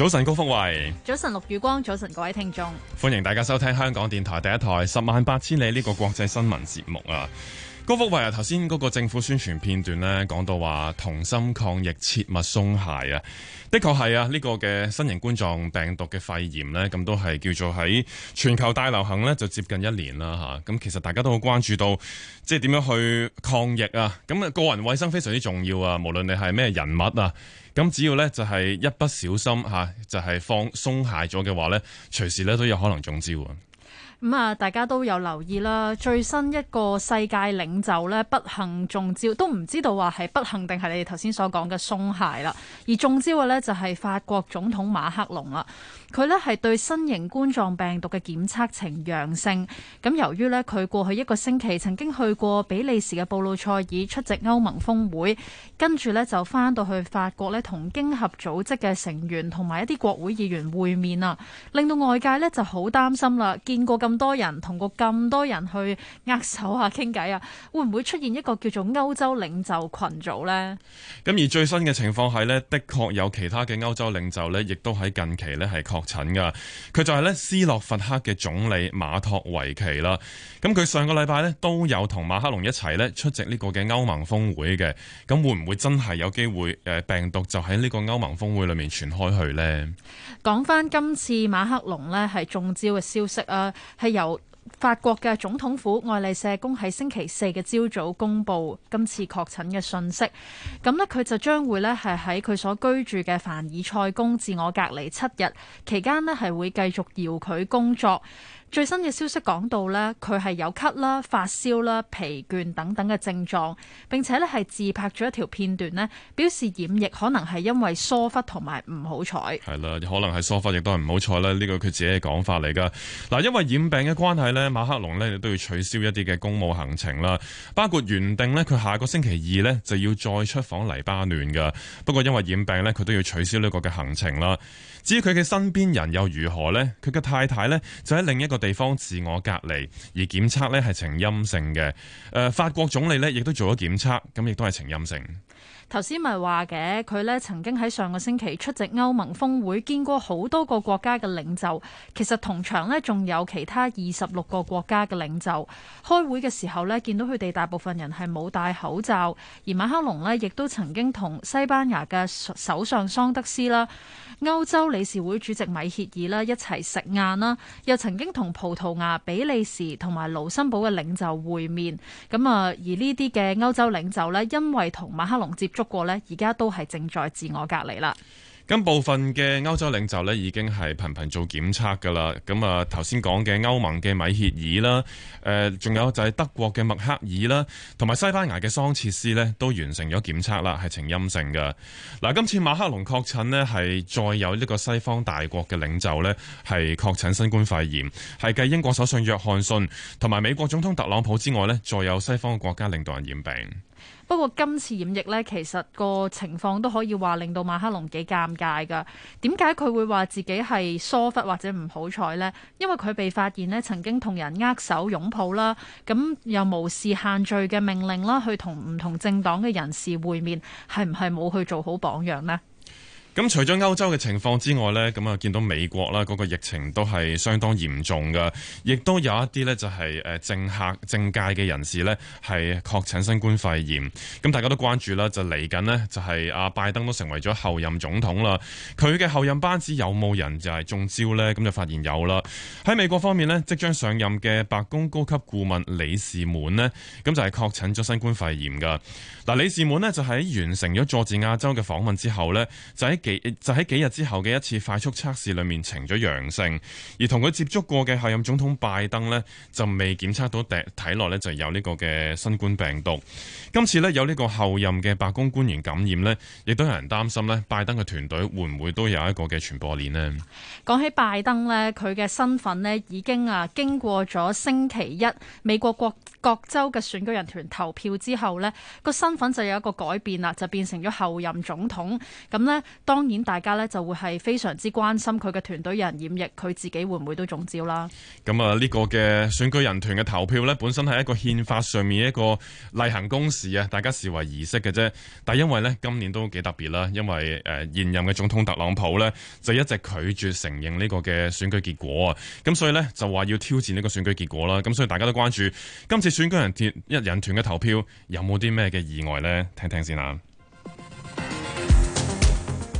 早晨，高福慧，早晨，陸宇光，早晨，各位聽眾，歡迎大家收聽香港電台第一台《十萬八千里》呢個國際新聞節目啊！高福慧啊，頭先嗰個政府宣傳片段咧，講到話同心抗疫，切勿鬆懈啊！的確係啊，呢、這個嘅新型冠狀病毒嘅肺炎咧，咁都係叫做喺全球大流行咧，就接近一年啦吓、啊。咁其實大家都好關注到，即係點樣去抗疫啊？咁啊，個人衛生非常之重要啊！無論你係咩人物啊。咁只要咧就係一不小心吓，就係放鬆懈咗嘅話咧，隨時咧都有可能中招。咁啊、嗯，大家都有留意啦，最新一個世界領袖咧不幸中招，都唔知道話係不幸定係你哋頭先所講嘅鬆懈啦。而中招嘅呢，就係法國總統馬克龍啦，佢呢係對新型冠狀病毒嘅檢測呈陽性。咁由於咧佢過去一個星期曾經去過比利時嘅布魯塞爾出席歐盟峰會，跟住呢就翻到去法國呢同經合組織嘅成員同埋一啲國會議員會面啊，令到外界呢就好擔心啦。見過咁，咁多人同過咁多人去握手啊、傾偈啊，會唔會出現一個叫做歐洲領袖群組呢？咁而最新嘅情況係呢，的確有其他嘅歐洲領袖呢，亦都喺近期呢係確診噶。佢就係呢斯洛伐克嘅總理馬托維奇啦。咁佢上個禮拜呢都有同馬克龍一齊呢出席呢個嘅歐盟峰會嘅。咁會唔會真係有機會？誒，病毒就喺呢個歐盟峰會裏面傳開去呢？講翻今次馬克龍呢係中招嘅消息啊！係由法國嘅總統府愛麗舍宮喺星期四嘅朝早公布今次確診嘅信息，咁呢，佢就將會呢係喺佢所居住嘅凡爾賽宮自我隔離七日，期間呢係會繼續遙距工作。最新嘅消息講到呢佢係有咳啦，發燒啦，疲倦等等嘅症狀，並且呢係自拍咗一條片段呢表示染疫可能係因為疏忽同埋唔好彩。係啦，可能係疏忽亦都係唔好彩啦，呢個佢自己嘅講法嚟㗎。嗱，因為染病嘅關係呢馬克龍呢都要取消一啲嘅公務行程啦，包括原定呢，佢下個星期二呢就要再出訪黎巴嫩㗎。不過因為染病呢，佢都要取消呢個嘅行程啦。至於佢嘅身邊人又如何呢？佢嘅太太呢，就喺另一個地方自我隔離，而檢測呢係呈陰性嘅。誒、呃，法國總理呢，亦都做咗檢測，咁亦都係呈陰性。頭先咪話嘅，佢呢曾經喺上個星期出席歐盟峰會，見過好多個國家嘅領袖。其實同場呢，仲有其他二十六個國家嘅領袖。開會嘅時候呢，見到佢哋大部分人係冇戴口罩。而馬克龍呢亦都曾經同西班牙嘅首相桑德斯啦、歐洲理事會主席米歇爾啦一齊食晏啦，又曾經同葡萄牙、比利時同埋盧森堡嘅領袖會面。咁啊，而呢啲嘅歐洲領袖呢，因為同馬克龍接觸不過咧，而家都係正在自我隔離啦。咁部分嘅歐洲領袖咧，已經係頻頻做檢測噶啦。咁、呃、啊，頭先講嘅歐盟嘅米歇爾啦，誒，仲有就係德國嘅默克爾啦，同埋西班牙嘅桑切斯呢，都完成咗檢測啦，係呈陰性嘅。嗱、啊，今次馬克龍確診呢，係再有呢個西方大國嘅領袖呢，係確診新冠肺炎，係繼英國首相約翰遜同埋美國總統特朗普之外呢，再有西方嘅國家領導人染病。不過今次染疫呢，其實個情況都可以話令到馬克龍幾尷尬㗎。點解佢會話自己係疏忽或者唔好彩呢？因為佢被發現呢曾經同人握手擁抱啦，咁又無視限聚嘅命令啦，去同唔同政黨嘅人士會面，係唔係冇去做好榜樣呢？咁除咗歐洲嘅情況之外咧，咁啊見到美國啦，嗰個疫情都係相當嚴重嘅，亦都有一啲咧就係誒政客政界嘅人士咧係確診新冠肺炎。咁大家都關注啦，來就嚟緊咧就係阿拜登都成為咗候任總統啦。佢嘅候任班子有冇人就係中招咧？咁就發現有啦。喺美國方面咧，即將上任嘅白宮高級顧問李士滿咧，咁就係確診咗新冠肺炎噶嗱，李士滿咧就喺完成咗佐治亞州嘅訪問之後咧，就喺。就喺幾日之後嘅一次快速測試裏面呈咗陽性，而同佢接觸過嘅候任總統拜登呢，就未檢測到體內呢就有呢個嘅新冠病毒。今次呢，有呢個候任嘅白宮官員感染呢，亦都有人擔心呢拜登嘅團隊會唔會都有一個嘅傳播鏈呢？講起拜登呢，佢嘅身份呢已經啊經過咗星期一美國各各州嘅選舉人團投票之後呢，個身份就有一個改變啦，就變成咗候任總統咁呢。當然，大家咧就會係非常之關心佢嘅團隊有人染疫，佢自己會唔會都中招啦？咁啊，呢個嘅選舉人團嘅投票呢，本身係一個憲法上面一個例行公事啊，大家視為儀式嘅啫。但係因為呢，今年都幾特別啦，因為誒現任嘅總統特朗普呢，就一直拒絕承認呢個嘅選舉結果啊，咁所以呢，就話要挑戰呢個選舉結果啦。咁所以大家都關注今次選舉人團一人團嘅投票有冇啲咩嘅意外呢？聽聽先啊。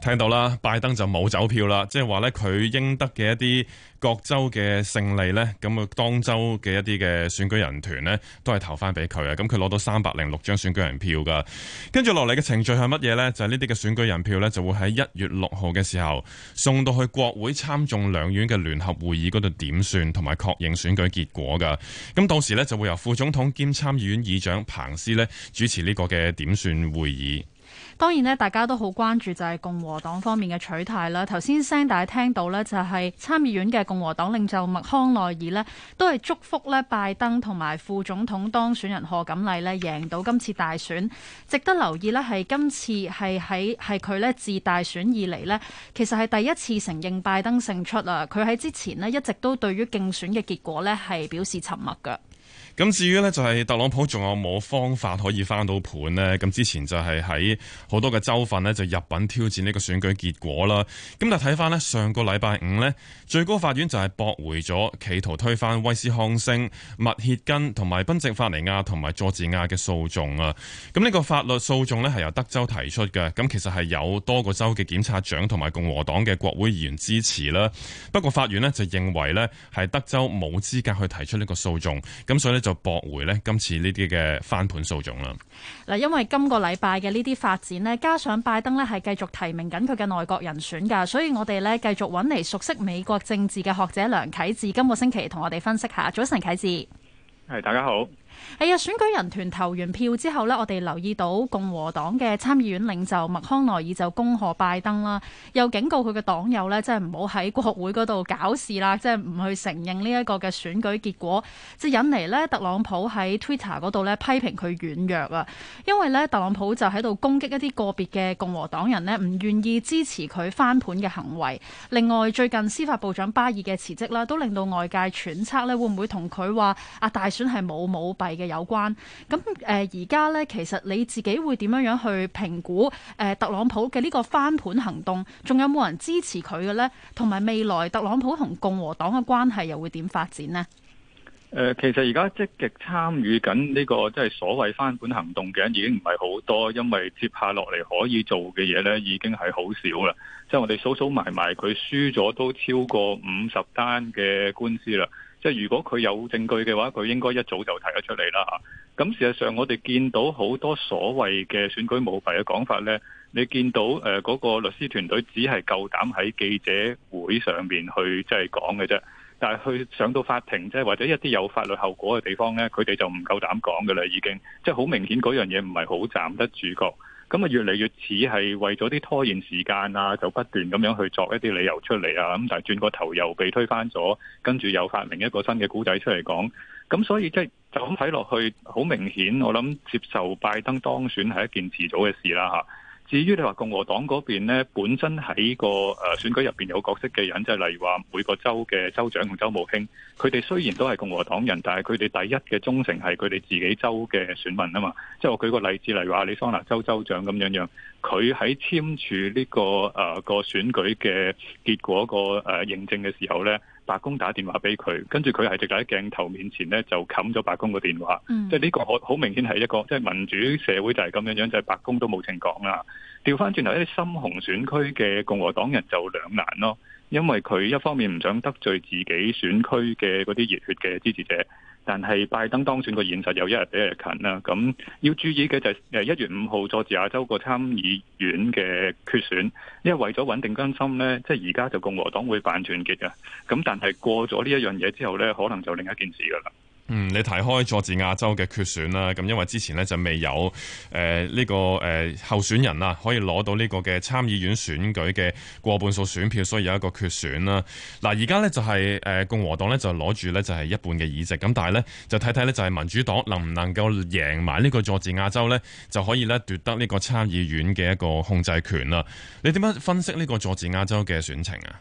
聽到啦，拜登就冇走票啦，即係話呢佢應得嘅一啲各州嘅勝利呢咁啊當州嘅一啲嘅選舉人團呢都係投翻俾佢啊，咁佢攞到三百零六張選舉人票㗎。跟住落嚟嘅程序係乜嘢呢？就係呢啲嘅選舉人票呢就會喺一月六號嘅時候送到去國會參眾兩院嘅聯合會議嗰度點算同埋確認選舉結果㗎。咁到時呢，就會由副總統兼參議院議長彭斯呢主持呢個嘅點算會議。當然咧，大家都好關注就係共和黨方面嘅取態啦。頭先聲帶聽到呢，就係參議院嘅共和黨領袖麥康奈爾呢，都係祝福咧拜登同埋副總統當選人賀錦麗呢贏到今次大選。值得留意呢，係今次係喺係佢咧自大選以嚟呢，其實係第一次承認拜登勝出啊！佢喺之前呢，一直都對於競選嘅結果呢係表示沉默嘅。咁至於呢，就係特朗普仲有冇方法可以翻到盤呢？咁之前就係喺好多嘅州份呢就入稟挑戰呢個選舉結果啦。咁但睇翻呢，上個禮拜五呢，最高法院就係駁回咗企圖推翻威斯康星、麥歇根同埋賓夕法尼亞同埋佐治亞嘅訴訟啊。咁呢個法律訴訟呢，係由德州提出嘅，咁其實係有多個州嘅檢察長同埋共和黨嘅國會議員支持啦。不過法院呢，就認為呢，係德州冇資格去提出呢個訴訟，咁所以就駁回呢今次呢啲嘅翻盤訴訟啦。嗱，因為今個禮拜嘅呢啲發展呢，加上拜登呢係繼續提名緊佢嘅內閣人選噶，所以我哋呢繼續搵嚟熟悉美國政治嘅學者梁啟智，今個星期同我哋分析下。早晨，啟智。係，大家好。係啊、哎！選舉人團投完票之後呢，我哋留意到共和黨嘅參議院領袖麥康奈爾就恭賀拜登啦，又警告佢嘅黨友呢，即係唔好喺國會嗰度搞事啦，即係唔去承認呢一個嘅選舉結果，即引嚟呢特朗普喺 Twitter 嗰度呢批評佢軟弱啊，因為呢特朗普就喺度攻擊一啲個別嘅共和黨人呢唔願意支持佢翻盤嘅行為。另外，最近司法部長巴爾嘅辭職啦，都令到外界揣測呢會唔會同佢話啊大選係冇舞弊。嘅有關咁。誒，而家呢，其實你自己會點樣樣去評估誒，特朗普嘅呢個翻盤行動，仲有冇人支持佢嘅呢？同埋未來特朗普同共和黨嘅關係又會點發展呢？誒，其實而家積極參與緊呢個即係所謂翻盤行動嘅人已經唔係好多，因為接下落嚟可以做嘅嘢呢已經係好少啦。即係我哋數數埋埋，佢輸咗都超過五十單嘅官司啦。即係如果佢有證據嘅話，佢應該一早就提咗出嚟啦吓。咁事實上，我哋見到好多所謂嘅選舉舞弊嘅講法呢，你見到誒嗰個律師團隊只係夠膽喺記者會上面去即係講嘅啫，但係去上到法庭即係或者一啲有法律後果嘅地方呢，佢哋就唔夠膽講㗎啦，已經即係好明顯嗰樣嘢唔係好站得住腳。咁啊，越嚟越似係為咗啲拖延時間啊，就不斷咁樣去作一啲理由出嚟啊，咁但係轉個頭又被推翻咗，跟住又發明一個新嘅古仔出嚟講，咁所以即係就咁睇落去，好明顯，我諗接受拜登當選係一件遲早嘅事啦嚇。至於你話共和黨嗰邊咧，本身喺個誒選舉入面有角色嘅人，即係例如話每個州嘅州長同州務卿，佢哋雖然都係共和黨人，但係佢哋第一嘅忠誠係佢哋自己州嘅選民啊嘛。即係我舉個例子，例如話，亞利桑那州州長咁樣樣，佢喺簽署呢、呢個誒、啊、個選舉嘅結果個誒認證嘅時候咧。白宮打電話俾佢，跟住佢係直頭喺鏡頭面前咧就冚咗白宮個電話，嗯，即係呢個好好明顯係一個即係、就是、民主社會就係咁樣樣，就係、是、白宮都冇情講啦。調翻轉頭，一啲深紅選區嘅共和黨人就兩難咯。因為佢一方面唔想得罪自己選區嘅嗰啲熱血嘅支持者，但係拜登當選個現實又一日比一日近啦。咁要注意嘅就係一月五號佐治亞州個參議院嘅決選，因為為咗穩定軍心呢，即係而家就共和黨會扮團結啊。咁但係過咗呢一樣嘢之後呢，可能就另一件事噶啦。嗯，你睇開佐治亞州嘅決選啦，咁因為之前呢，就未有呢個、呃、候選人啊，可以攞到呢個嘅參議院選舉嘅過半數選票，所以有一個決選啦。嗱、就是，而、呃、家呢，就係共和黨呢，就攞住呢，就係一半嘅議席，咁但係呢，就睇睇呢，就係民主黨能唔能夠贏埋呢個佐治亞州呢，就可以呢，奪得呢個參議院嘅一個控制權啦。你點樣分析呢個佐治亞州嘅選情啊？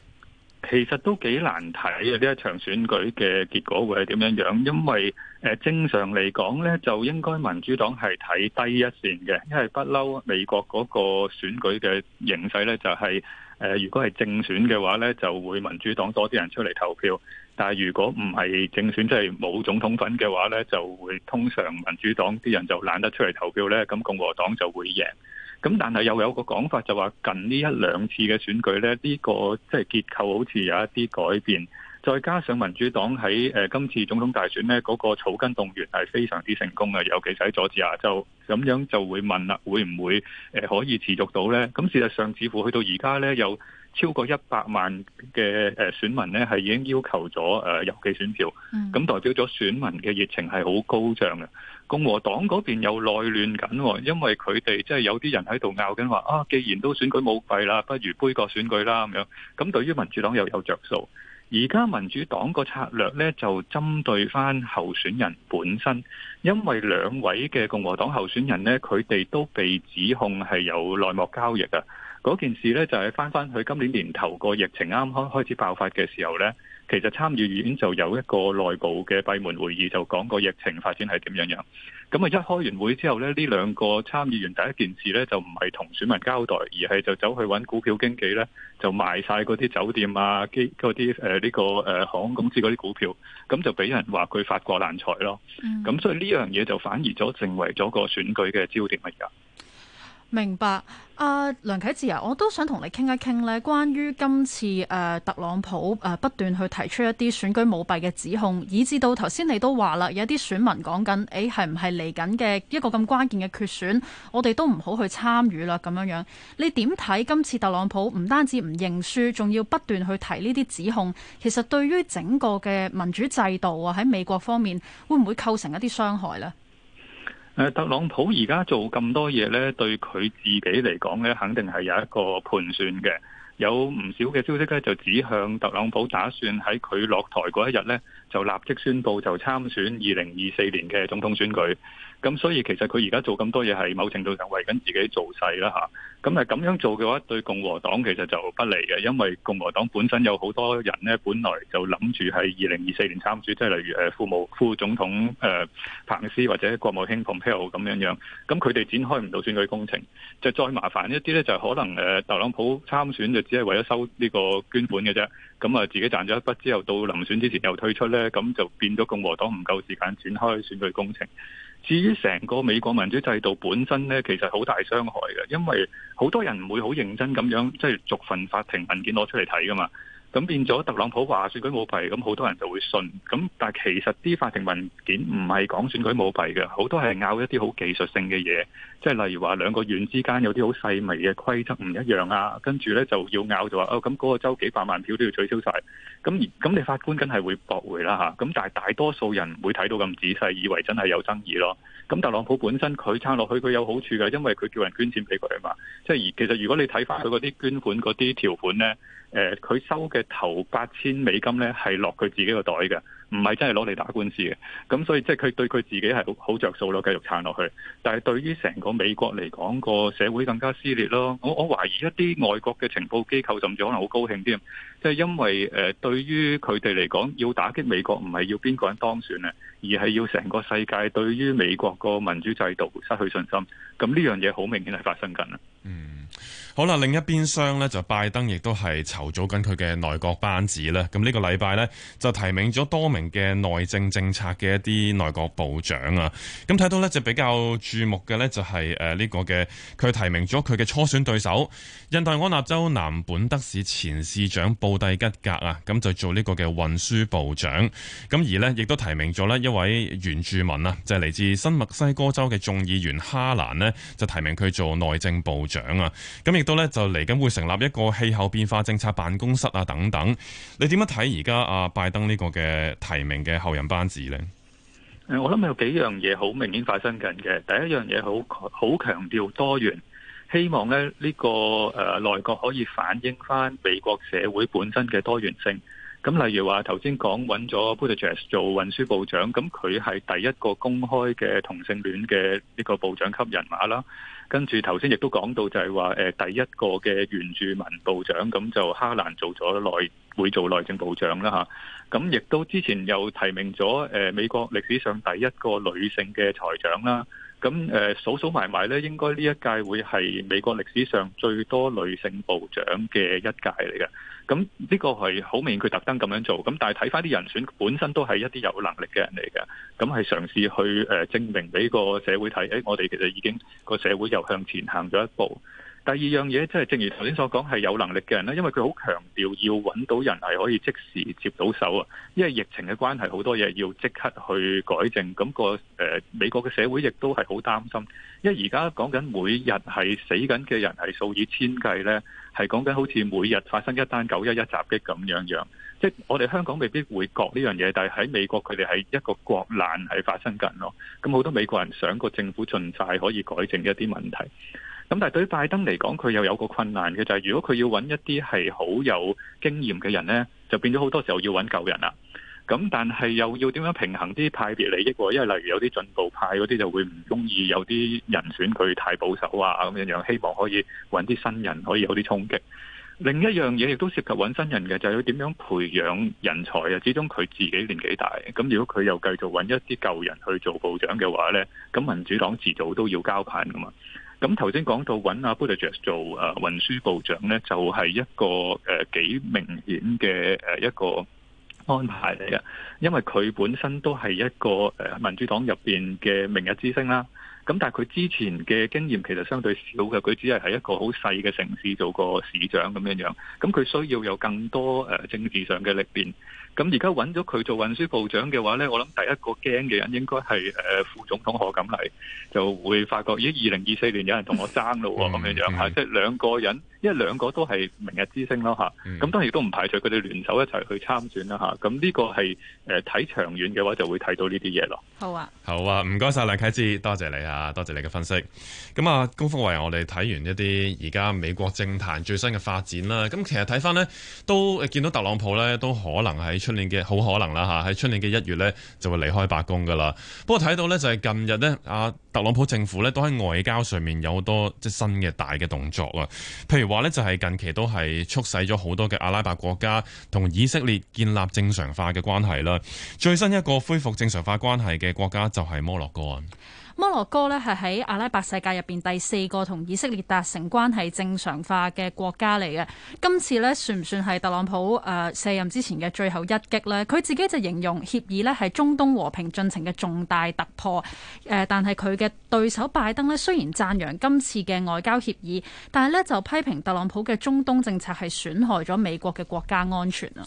其實都幾難睇呀，呢一場選舉嘅結果會係點樣樣？因為誒正常嚟講呢，就應該民主黨係睇低一線嘅，因為不嬲美國嗰個選舉嘅形勢呢，就係誒如果係政選嘅話呢，就會民主黨多啲人出嚟投票；但係如果唔係政選，即係冇總統份嘅話呢，就會通常民主黨啲人就懶得出嚟投票呢，咁共和黨就會贏。咁但係又有個講法就話近呢一兩次嘅選舉呢，呢個即係結構好似有一啲改變，再加上民主黨喺誒今次總統大選呢嗰個草根動員係非常之成功嘅，尤其喺佐治亞州，就咁樣就會問啦，會唔會誒可以持續到咧？咁事實上，似乎去到而家咧有超過一百萬嘅誒選民咧，係已經要求咗誒郵寄選票，咁代表咗選民嘅熱情係好高漲嘅。共和黨嗰邊又內亂緊，因為佢哋即係有啲人喺度拗緊話啊，既然都選舉冇弊啦，不如杯葛選舉啦咁樣。咁對於民主黨又有著數。而家民主黨個策略咧，就針對翻候選人本身，因為兩位嘅共和黨候選人咧，佢哋都被指控係有內幕交易啊。嗰件事咧，就係翻翻去今年年頭個疫情啱啱開始爆發嘅時候咧，其實參議院就有一個內部嘅閉門會議，就講個疫情發展係點樣樣。咁啊一開完會之後咧，呢兩個參議員第一件事咧，就唔係同選民交代，而係就走去揾股票經紀咧，就賣晒嗰啲酒店啊、嗰啲誒呢個誒、呃、航空公司嗰啲股票，咁就俾人話佢發國難財咯。咁、嗯、所以呢樣嘢就反而咗成為咗個選舉嘅焦點嚟噶。明白，阿、呃、梁啟智啊，我都想同你傾一傾咧，關於今次誒、呃、特朗普誒不斷去提出一啲選舉舞弊嘅指控，以至到頭先你都話啦，有啲選民講緊，誒係唔係嚟緊嘅一個咁關鍵嘅決選，我哋都唔好去參與啦咁樣樣。你點睇今次特朗普唔單止唔認輸，仲要不斷去提呢啲指控？其實對於整個嘅民主制度啊，喺美國方面，會唔會構成一啲傷害呢？特朗普而家做咁多嘢咧，對佢自己嚟講咧，肯定係有一個盤算嘅。有唔少嘅消息咧，就指向特朗普打算喺佢落台嗰一日咧，就立即宣布就參選二零二四年嘅總統選舉。咁所以其實佢而家做咁多嘢係某程度上為緊自己做勢啦嚇。咁啊咁樣做嘅話，對共和黨其實就不利嘅，因為共和黨本身有好多人呢，本來就諗住係二零二四年參選，即係例如誒副務副總統誒彭斯或者國務卿蓬佩奧咁樣樣。咁佢哋展開唔到選舉工程，就再麻煩一啲呢，就係可能誒特朗普參選就只係為咗收呢個捐款嘅啫。咁啊自己賺咗一筆之後，到臨選之前又退出呢，咁就變咗共和黨唔夠時間展開選舉工程。至於成個美國民主制度本身呢，其實好大傷害嘅，因為好多人唔會好認真咁樣，即係逐份法庭文件攞出嚟睇噶嘛。咁變咗特朗普話選舉舞弊，咁好多人就會信。咁但係其實啲法庭文件唔係講選舉舞弊嘅，好多係拗一啲好技術性嘅嘢，即係例如話兩個縣之間有啲好細微嘅規則唔一樣啊，跟住呢就要拗就話哦，咁、那、嗰個州幾百萬票都要取消晒。咁而咁你法官梗係會駁回啦嚇。咁但係大多數人唔會睇到咁仔細，以為真係有爭議咯。咁特朗普本身佢撐落去，佢有好處嘅，因為佢叫人捐錢俾佢啊嘛。即係而其實如果你睇翻佢嗰啲捐款嗰啲條款呢。誒，佢收嘅頭八千美金咧，係落佢自己個袋嘅。唔係真係攞嚟打官司嘅，咁所以即係佢對佢自己係好好着數咯，繼續撐落去。但係對於成個美國嚟講，個社會更加撕裂咯。我我懷疑，一啲外國嘅情報機構甚至可能好高興添，即係因為誒對於佢哋嚟講，要打擊美國唔係要邊個人當選啊，而係要成個世界對於美國個民主制度失去信心。咁呢樣嘢好明顯係發生緊啦。嗯，好啦，另一邊廂咧就拜登亦都係籌組緊佢嘅內閣班子啦。咁呢個禮拜咧就提名咗多名。嘅內政政策嘅一啲內閣部長啊，咁睇到呢就比較注目嘅呢、就係，就係呢個嘅佢提名咗佢嘅初選對手，印第安納州南本德市前市長布蒂吉格啊，咁就做呢個嘅運輸部長，咁而呢，亦都提名咗呢一位原住民啊，就嚟、係、自新墨西哥州嘅眾議員哈蘭呢，就提名佢做內政部長啊，咁亦都呢，就嚟緊會成立一個氣候變化政策辦公室啊等等，你點樣睇而家啊拜登呢個嘅？提名嘅候任班子咧，我諗有幾樣嘢，好明顯發生緊嘅。第一樣嘢好好強調多元，希望咧、這、呢個誒內閣可以反映翻美國社會本身嘅多元性。咁例如話頭先講揾咗 Buttigieg 做運輸部長，咁佢係第一個公開嘅同性戀嘅呢個部長級人馬啦。跟住頭先亦都講到就係話誒第一個嘅原住民部長，咁就哈蘭做咗內。會做內政部長啦吓，咁亦都之前又提名咗誒美國歷史上第一個女性嘅財長啦，咁誒數數埋埋咧，應該呢一屆會係美國歷史上最多女性部長嘅一屆嚟嘅，咁呢個係好明顯佢特登咁樣做，咁但係睇返啲人選本身都係一啲有能力嘅人嚟嘅，咁係嘗試去誒證明俾個社會睇，誒、哎、我哋其實已經、個社會又向前行咗一步。第二樣嘢即係正如頭先所講，係有能力嘅人咧，因為佢好強調要揾到人係可以即時接到手啊！因為疫情嘅關係，好多嘢要即刻去改正。咁個誒美國嘅社會亦都係好擔心，因為而家講緊每日係死緊嘅人係數以千計咧，係講緊好似每日發生一單九一一襲擊咁樣樣。即係我哋香港未必會覺呢樣嘢，但係喺美國佢哋係一個國難係發生緊咯。咁好多美國人想個政府盡快可以改正一啲問題。咁但係對於拜登嚟講，佢又有個困難嘅就係，如果佢要揾一啲係好有經驗嘅人咧，就變咗好多時候要揾舊人啦。咁但係又要點樣平衡啲派別利益？因為例如有啲進步派嗰啲就會唔中意，有啲人選佢太保守啊，咁樣樣希望可以揾啲新人可以有啲衝擊。另一樣嘢亦都涉及揾新人嘅，就係要點樣培養人才啊。始終佢自己年紀大，咁如果佢又繼續揾一啲舊人去做部長嘅話咧，咁民主黨遲早都要交棒噶嘛。咁頭先講到揾阿布萊爵士做誒運輸部長咧，就係一個誒幾明顯嘅誒一個安排嚟嘅，因為佢本身都係一個誒民主黨入面嘅明日之星啦。咁但係佢之前嘅經驗其實相對少嘅，佢只係喺一個好細嘅城市做個市長咁樣，咁佢需要有更多、呃、政治上嘅歷練。咁而家揾咗佢做運輸部長嘅話呢，我諗第一個驚嘅人應該係、呃、副總統何錦麗，就會發覺咦二零二四年有人同我爭咯咁、， 嗯、樣樣即係兩個人，因為兩個都係明日之星咯吓咁、嗯嗯、當然都唔排除佢哋聯手一齊去參選啦，咁呢個係睇、呃、長遠嘅話就會睇到呢啲嘢咯。好啊，好啊，唔該晒，梁啟智，多謝你啊。啊，多謝你嘅分析。咁啊，高福偉，我哋睇完一啲而家美國政壇最新嘅發展啦。咁其實睇翻呢，都見到特朗普呢，都可能喺出年嘅好可能啦吓，喺出年嘅一月呢，就會離開白宮噶啦。不過睇到呢，就係近日呢，阿特朗普政府呢，都喺外交上面有好多即新嘅大嘅動作啊。譬如話呢，就係近期都係促使咗好多嘅阿拉伯國家同以色列建立正常化嘅關係啦。最新一個恢復正常化關係嘅國家就係摩洛哥。摩洛哥呢，係喺阿拉伯世界入邊第四個同以色列達成關係正常化嘅國家嚟嘅。今次呢算唔算係特朗普誒卸任之前嘅最後一擊呢？佢自己就形容協議呢係中東和平進程嘅重大突破。呃、但係佢嘅對手拜登呢雖然讚揚今次嘅外交協議，但係呢就批評特朗普嘅中東政策係損害咗美國嘅國家安全啊。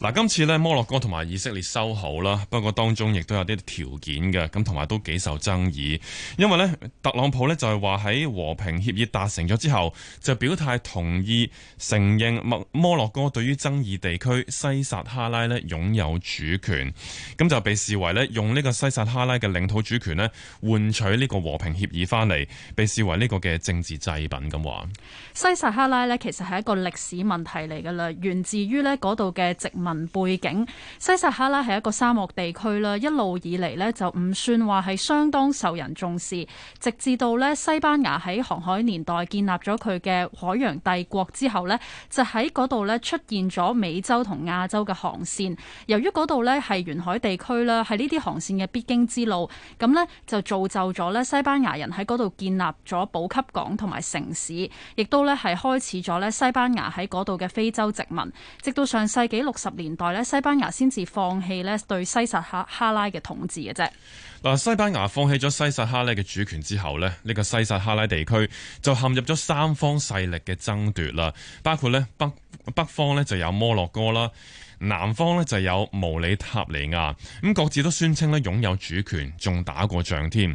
嗱，今次咧摩洛哥同埋以色列修好啦，不過當中亦都有啲條件嘅，咁同埋都幾受爭議。因為咧特朗普咧就係話喺和平協議達成咗之後，就表態同意承認摩摩洛哥對於爭議地區西撒哈拉咧擁有主權，咁就被視為咧用呢個西撒哈拉嘅領土主權咧換取呢個和平協議翻嚟，被視為呢個嘅政治祭品咁話。西撒哈拉咧其實係一個歷史問題嚟噶啦，源自於咧嗰度嘅殖文背景，西撒哈拉係一個沙漠地區啦，一路以嚟咧就唔算話係相當受人重視，直至到咧西班牙喺航海年代建立咗佢嘅海洋帝國之後咧，就喺嗰度咧出現咗美洲同亞洲嘅航線。由於嗰度咧係沿海地區啦，係呢啲航線嘅必經之路，咁咧就造就咗咧西班牙人喺嗰度建立咗補給港同埋城市，亦都咧係開始咗咧西班牙喺嗰度嘅非洲殖民，直到上世紀六十。年代咧，西班牙先至放棄咧對西撒哈拉嘅統治嘅啫。嗱，西班牙放棄咗西撒哈拉嘅主權之後咧，呢個西撒哈拉地區就陷入咗三方勢力嘅爭奪啦，包括咧北北方咧就有摩洛哥啦。南方呢就有毛里塔尼亞，咁各自都宣稱呢擁有主權，仲打過仗添。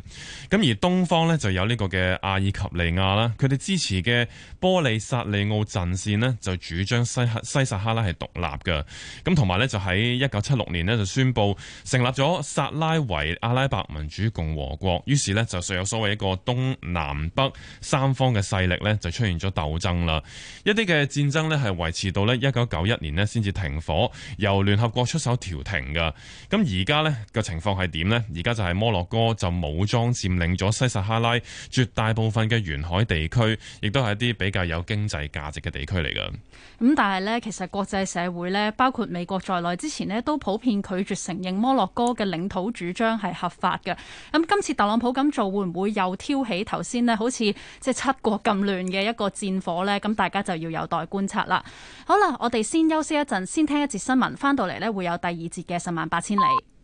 咁而東方呢就有呢個嘅阿爾及利亞啦，佢哋支持嘅波利薩利奧陣線呢就主張西克西薩哈拉係獨立嘅。咁同埋呢就喺一九七六年呢就宣布成立咗撒拉維阿拉伯民主共和國。於是呢就尚有所謂一個東南北三方嘅勢力呢就出現咗鬥爭啦。一啲嘅戰爭呢係維持到呢一九九一年呢先至停火，由聯合國出手調停嘅，咁而家呢個情況係點呢？而家就係摩洛哥就武裝佔領咗西撒哈拉絕大部分嘅沿海地區，亦都係一啲比較有經濟價值嘅地區嚟嘅。咁但係呢，其實國際社會呢，包括美國在內，之前呢，都普遍拒絕承認摩洛哥嘅領土主張係合法嘅。咁今次特朗普咁做，會唔會又挑起頭先呢？好似即係七國咁亂嘅一個戰火呢？咁大家就要有待觀察啦。好啦，我哋先休息一陣，先聽一節。新聞翻到嚟呢，會有第二節嘅十萬八千里。